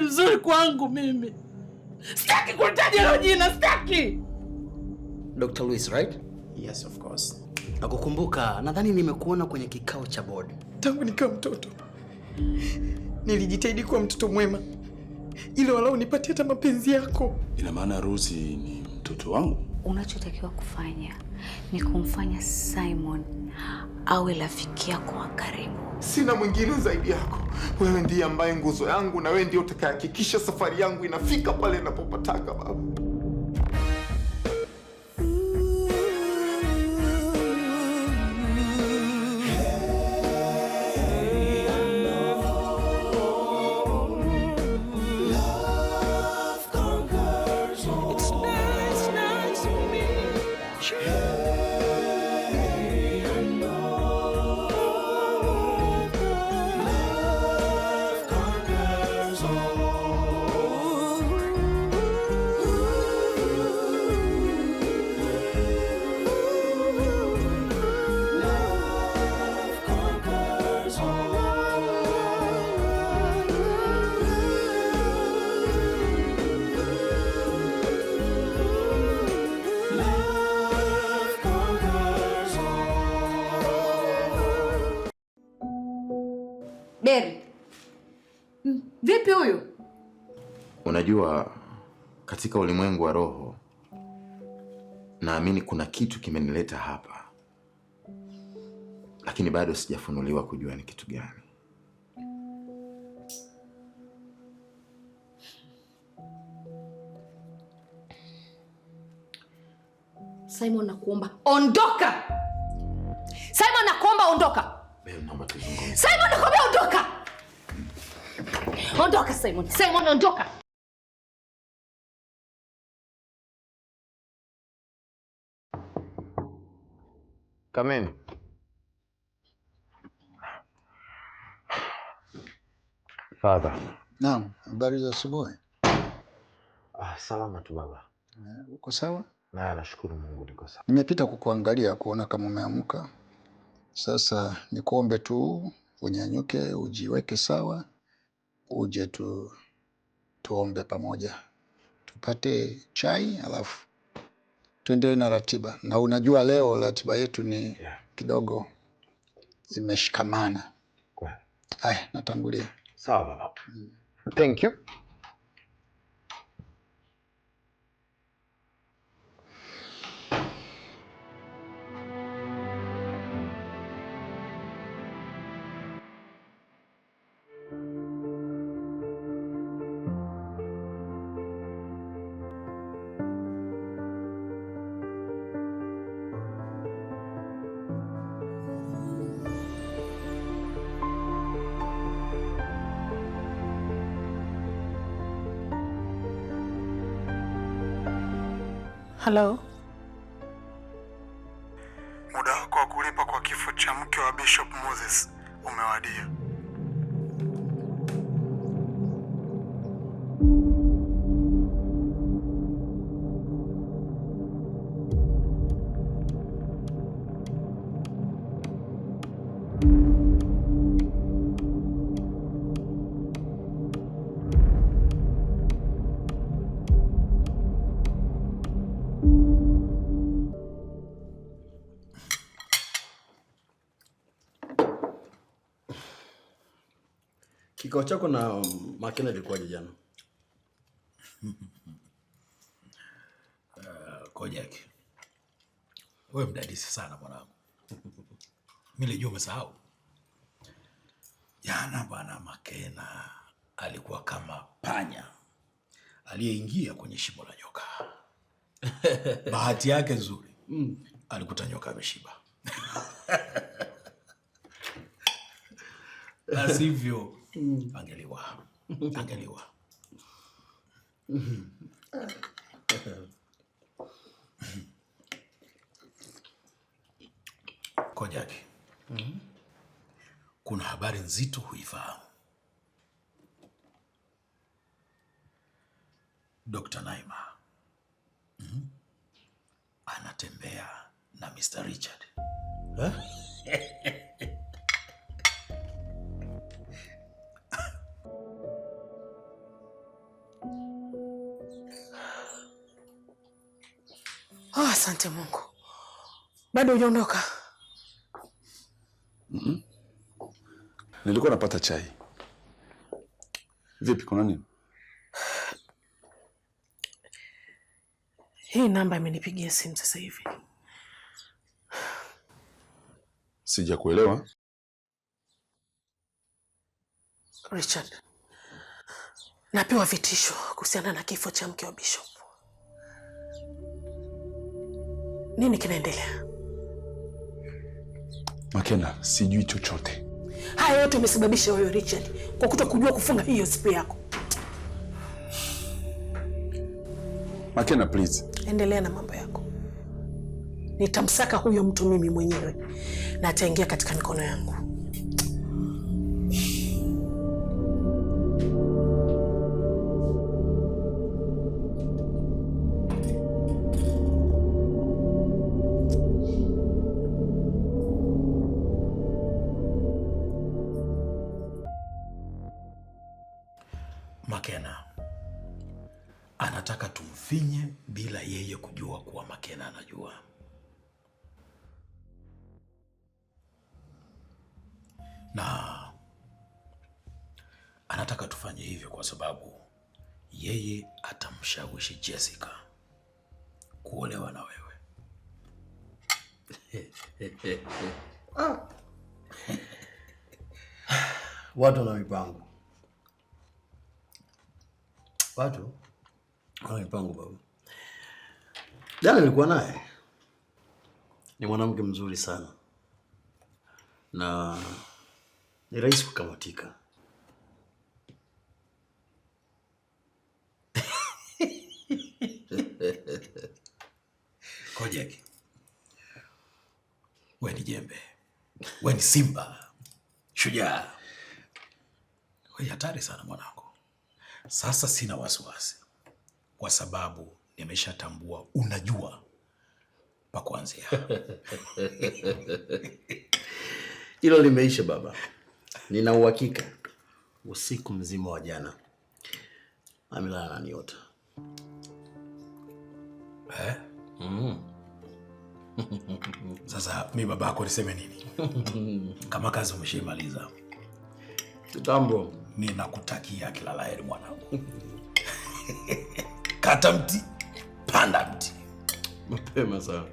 mzuri kwangu mimi. Sitaki kutaja hilo jina, sitaki. Dr. Louis, right? Yes, of course. Nakukumbuka, nadhani nimekuona kwenye kikao cha board. Tangu nikiwa mtoto nilijitahidi kuwa mtoto mwema ili walau nipatie hata mapenzi yako. Ina maana Rosie ni mtoto wangu? Unachotakiwa kufanya ni kumfanya Simon awe rafiki yako wa karibu. Sina mwingine zaidi yako. Wewe ndiye ambaye nguzo yangu, na wewe ndiye utakayehakikisha safari yangu inafika pale ninapopataka, baba. Unajua, katika ulimwengu wa roho naamini kuna kitu kimenileta hapa, lakini bado sijafunuliwa kujua ni kitu gani. Simon, nakuomba ondoka. Simon, nakuomba ondoka. Simon, nakuomba ondoka. Ondoka Simon. Simon, ondoka. Come in. Father. Naam, habari za asubuhi. Ah, salama tu baba. Eh, uko sawa? Na nashukuru Mungu niko sawa. Nimepita kukuangalia kuona kama umeamka. Sasa nikuombe tu unyanyuke, ujiweke sawa, uje tu tuombe pamoja, tupate chai alafu tuendelee na ratiba, na unajua leo ratiba yetu ni kidogo zimeshikamana. Haya, natangulia. Sawa baba. Mm. Thank you. Halo, muda wako wa kulipa kwa kifo cha mke wa Bishop Moses umewadia. Kikao chako na um, Makena ilikuwaje jana? Uh, eh, Kojak, wewe mdadisi sana mwanangu. Mimi nilijua umesahau jana. Bwana Makena alikuwa kama panya aliyeingia kwenye shimo la nyoka. Bahati yake nzuri, mm, alikuta nyoka ameshiba, na sivyo mm. angeliwa angeliwa Kojaki, mm Kuna habari nzito huifahamu, Dr. Naima mm anatembea na Mr. Richard huh? Eh? Ah, asante oh, Mungu, bado hujaondoka. mm -mm. Nilikuwa napata chai. Vipi, kuna nini? Hii namba imenipigia simu sasa hivi. Sijakuelewa Richard. Napewa vitisho kuhusiana na kifo cha mke wa Bishop. Nini kinaendelea? Makena, sijui chochote. Haya yote umesababisha wewe Richard, kwa kuto kujua kufunga hiyo siku yako. Makena, please. Endelea na mambo yako. Nitamsaka huyo mtu mimi mwenyewe na ataingia katika mikono yangu. na anataka tufanye hivyo kwa sababu yeye atamshawishi Jessica kuolewa na wewe. Ah. Watu wana mipango, watu na mipango. Baba jana nilikuwa naye, ni mwanamke mzuri sana na ni rahisi kukamatika. Kojak, we ni jembe, we ni simba shujaa, we hatari sana mwanangu. Sasa sina wasiwasi kwa sababu nimeshatambua unajua pa kuanzia. Hilo limeisha baba. Nina uhakika usiku mzima wa jana amelala na niota eh? mm. Sasa mi babako niseme nini? kama kazi umeshaimaliza kitambo, ninakutakia kila laheri mwanangu. kata mti panda mti mapema sana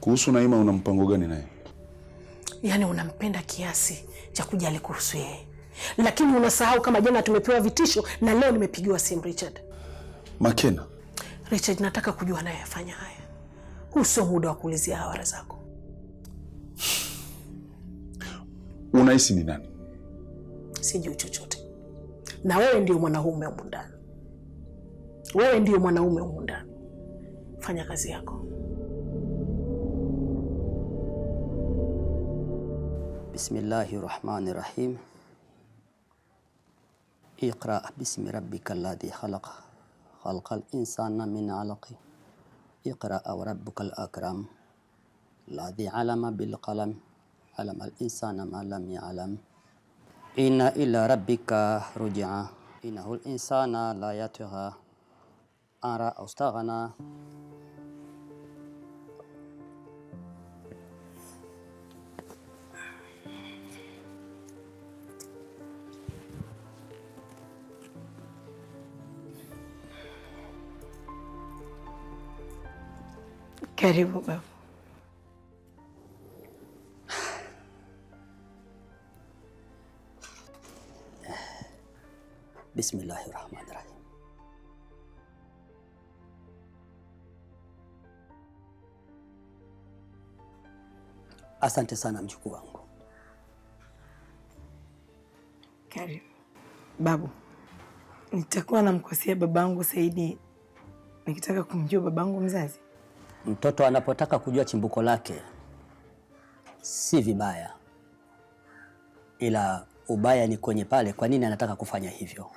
Kuhusu Naima una mpango gani naye? Yaani unampenda kiasi cha kujali kuhusu yeye, lakini unasahau kama jana tumepewa vitisho na leo nimepigiwa simu Richard. Makena, Richard, nataka kujua naye afanya haya. Huu sio muda wa kuulizia hawara zako. Unahisi ni nani? Sijui chochote, na wewe ndio mwanaume humu ndani, wewe ndio mwanaume humu ndani. Fanya kazi yako. بسم الله الرحمن الرحيم اقرأ باسم ربك الذي خلق خلق الإنسان من علق اقرأ وربك الأكرم الذي علم بالقلم علم الإنسان ما لم يعلم إن إلى ربك رجع إنه الإنسان لا يتغى أرى أستغنى Karibu babu Bismillahi rahmani rahim. Asante sana mjukuu wangu. Karibu babu. Nitakuwa namkosea babangu Saidi nikitaka kumjua babangu mzazi Mtoto anapotaka kujua chimbuko lake si vibaya, ila ubaya ni kwenye pale, kwa nini anataka kufanya hivyo.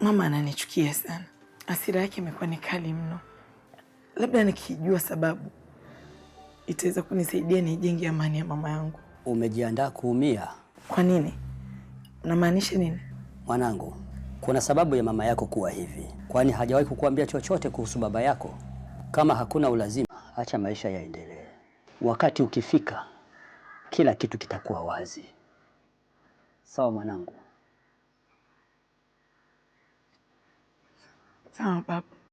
Mama ananichukia sana, hasira yake imekuwa ni kali mno. Labda nikijua sababu itaweza kunisaidia nijenge amani ya mama yangu. Umejiandaa kuumia. Kwa nini? Namaanisha nini? Mwanangu, kuna sababu ya mama yako kuwa hivi, kwani hajawahi kukuambia chochote kuhusu baba yako? Kama hakuna ulazima, acha maisha yaendelee. Wakati ukifika, kila kitu kitakuwa wazi. Sawa mwanangu? Sawa baba.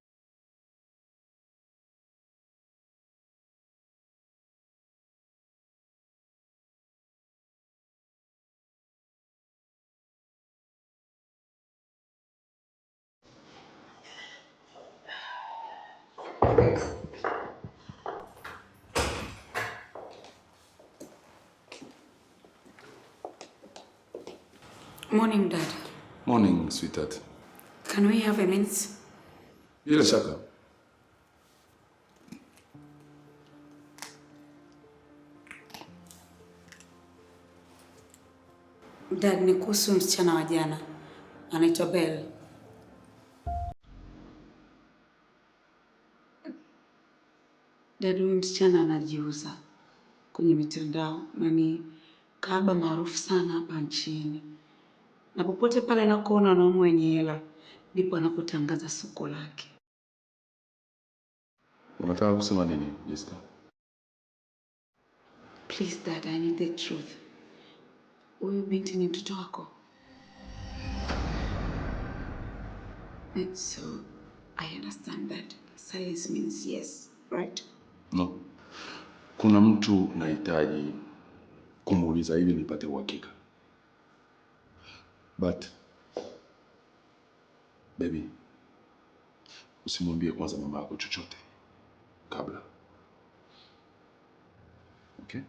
Morning, Dad. Morning, sweetheart. Can we have a minute? Yes, shaka. Dad, ni kuhusu msichana wa jana anaitwa Bell. Dada huyu msichana anajiuza kwenye mitandao na ni kahaba maarufu sana hapa nchini, na popote pale anakoona wanaume wenye hela ndipo anapotangaza soko lake. Unataka kusema nini Jessica? Please dad, I need the truth. Huyu binti ni mtoto wako? Eh, so I understand that silence means yes, right? No. Kuna mtu nahitaji kumuuliza ili nipate uhakika. But baby, usimwambie kwanza mama yako chochote kabla. Okay?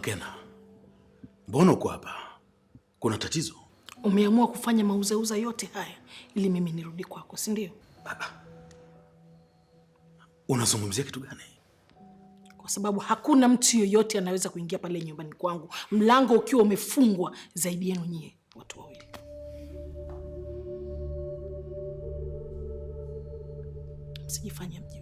Makena, mbona uko hapa? Kuna tatizo? Umeamua kufanya mauzeuza yote haya ili mimi nirudi kwako, si ndio? Ah, ah. Unazungumzia kitu gani? Kwa sababu hakuna mtu yoyote anaweza kuingia pale nyumbani kwangu, mlango ukiwa umefungwa zaidi yenu nyie watu wawili. Msijifanye mjinga.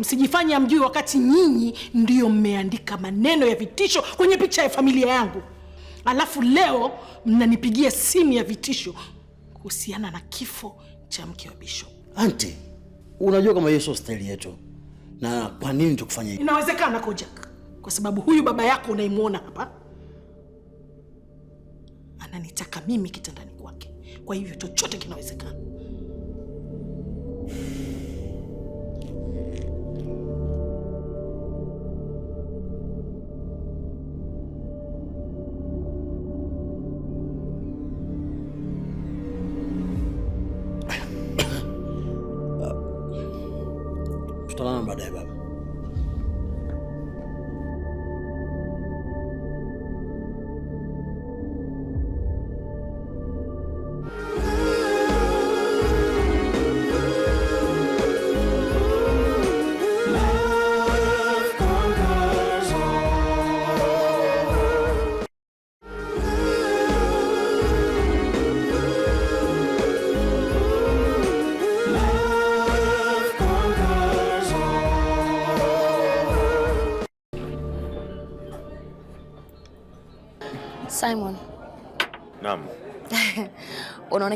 Msijifanye amjui wakati nyinyi ndiyo mmeandika maneno ya vitisho kwenye picha ya familia yangu, alafu leo mnanipigia simu ya vitisho kuhusiana na kifo cha mke wa Bisho. Anti, unajua kama hiyo sio staili yetu, na kwa nini tukufanya hivi? Inawezekana Kojak, kwa sababu huyu baba yako unayemwona hapa ananitaka mimi kitandani kwake, kwa hivyo chochote kinawezekana.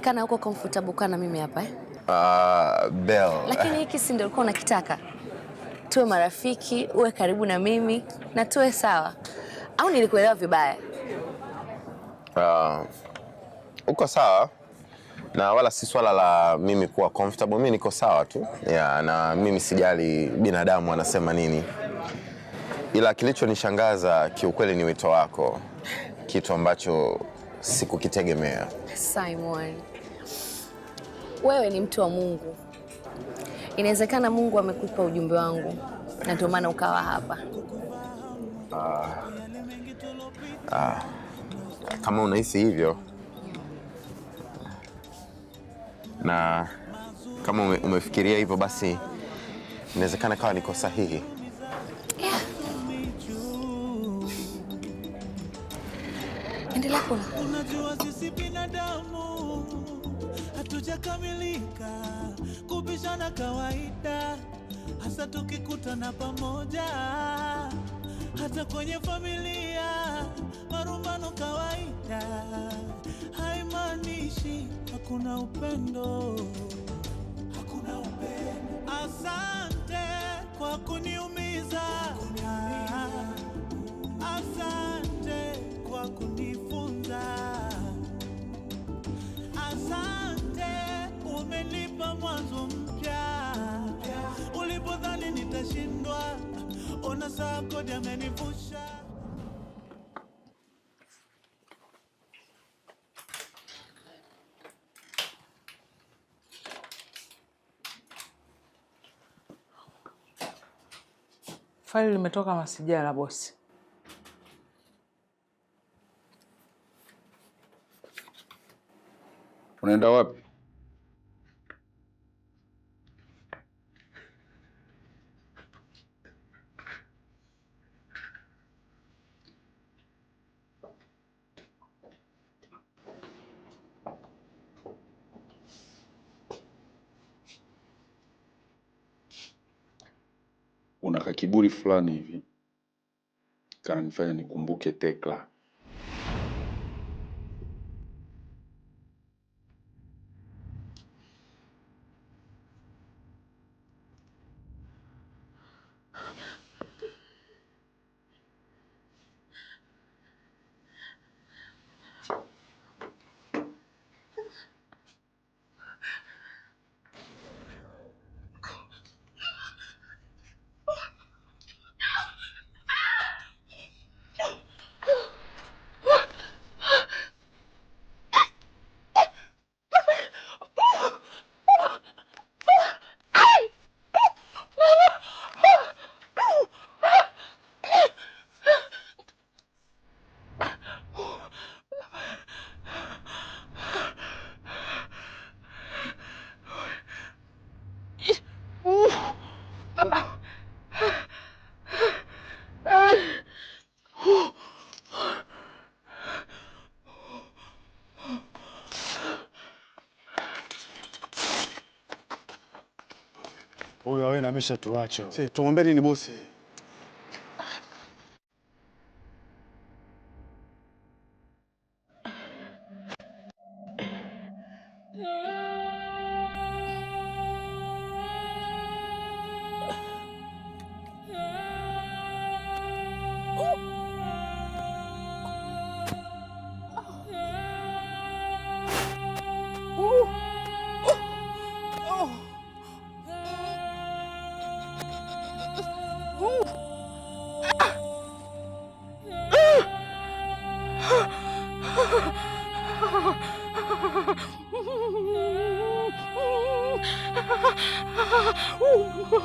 Inaonekana uko comfortable na mimi hapa eh? Uh, ah, Bell. Lakini hiki si ndio ulikuwa unakitaka, tuwe marafiki, uwe karibu na mimi na tuwe sawa, au nilikuelewa vibaya? Uh, uko sawa na wala si swala la mimi kuwa comfortable. Mimi niko sawa tu yeah, na mimi sijali binadamu anasema nini, ila kilichonishangaza kiukweli ni wito wako, kitu ambacho sikukitegemea Simon wewe ni mtu wa Mungu, inawezekana Mungu amekupa wa ujumbe wangu na ndio maana ukawa hapa. Ah, ah, kama unahisi hivyo na kama ume, umefikiria hivyo basi inawezekana kawa niko sahihi yeah. Endelea kula hatujakamilika kupishana kawaida, hasa tukikutana pamoja, hata kwenye familia marumbano kawaida, haimaanishi hakuna upendo, hakuna upendo. Asante kwa kuniumiza, asante kwa kuni umenipa mwanzo mpya ulipodhani nitashindwa, ona saa kodi amenivusha. Faili limetoka masijala, bosi. Unaenda wapi? shughuli fulani hivi kananifanya nikumbuke Tekla. amesha tuacha. Si, tuombeni ni bosi.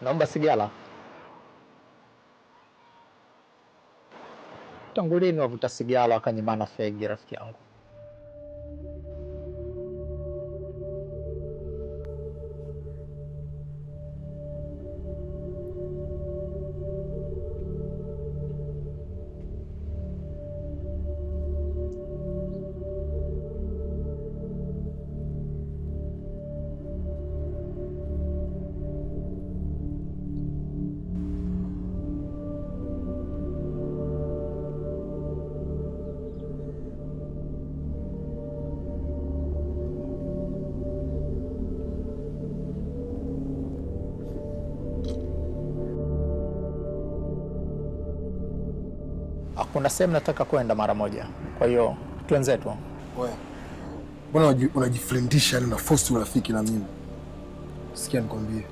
Naomba sigara. Tangu lini wavuta sigara wakanyimana fegi, rafiki yangu? kuna sehemu nataka kwenda mara moja, kwa hiyo tuenze Wewe mbona unajifrendisha yaani na force urafiki na mimi? Sikia nikwambie,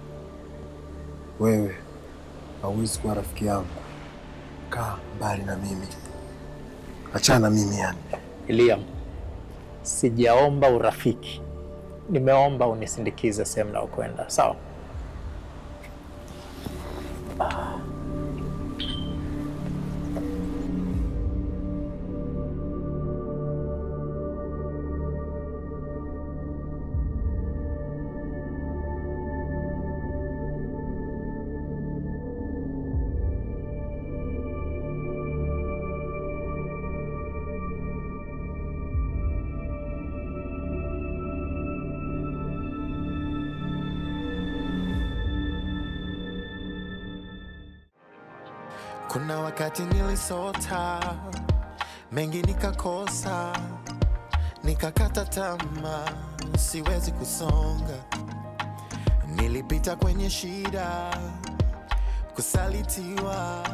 wewe hauwezi kuwa rafiki yangu. Kaa mbali na mimi, achana na mimi. Yani Liam, sijaomba urafiki, nimeomba unisindikize sehemu naokwenda, sawa? Kuna wakati nilisota mengi nikakosa, nikakata tamaa, siwezi kusonga. Nilipita kwenye shida, kusalitiwa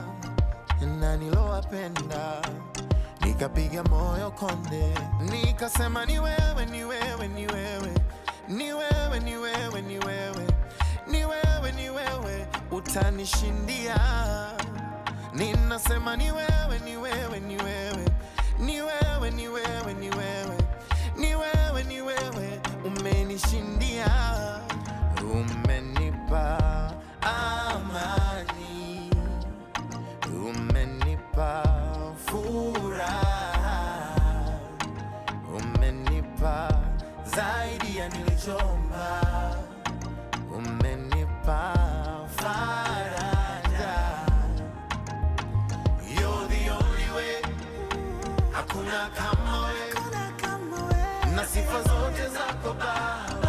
na nilowapenda, nikapiga moyo konde, nikasema ni wewe, ni wewe, ni wewe, ni wewe, ni wewe, ni wewe, ni wewe, ni wewe utanishindia Ninasema ni wewe, ni wewe, ni wewe, ni wewe, ni wewe, ni wewe, ni wewe, ni wewe, umenishindia, umenipa amani, umenipa furaha, umenipa zaidi ya nilichomba, umenipa hakuna kama wewe na sifa zote zako Baba.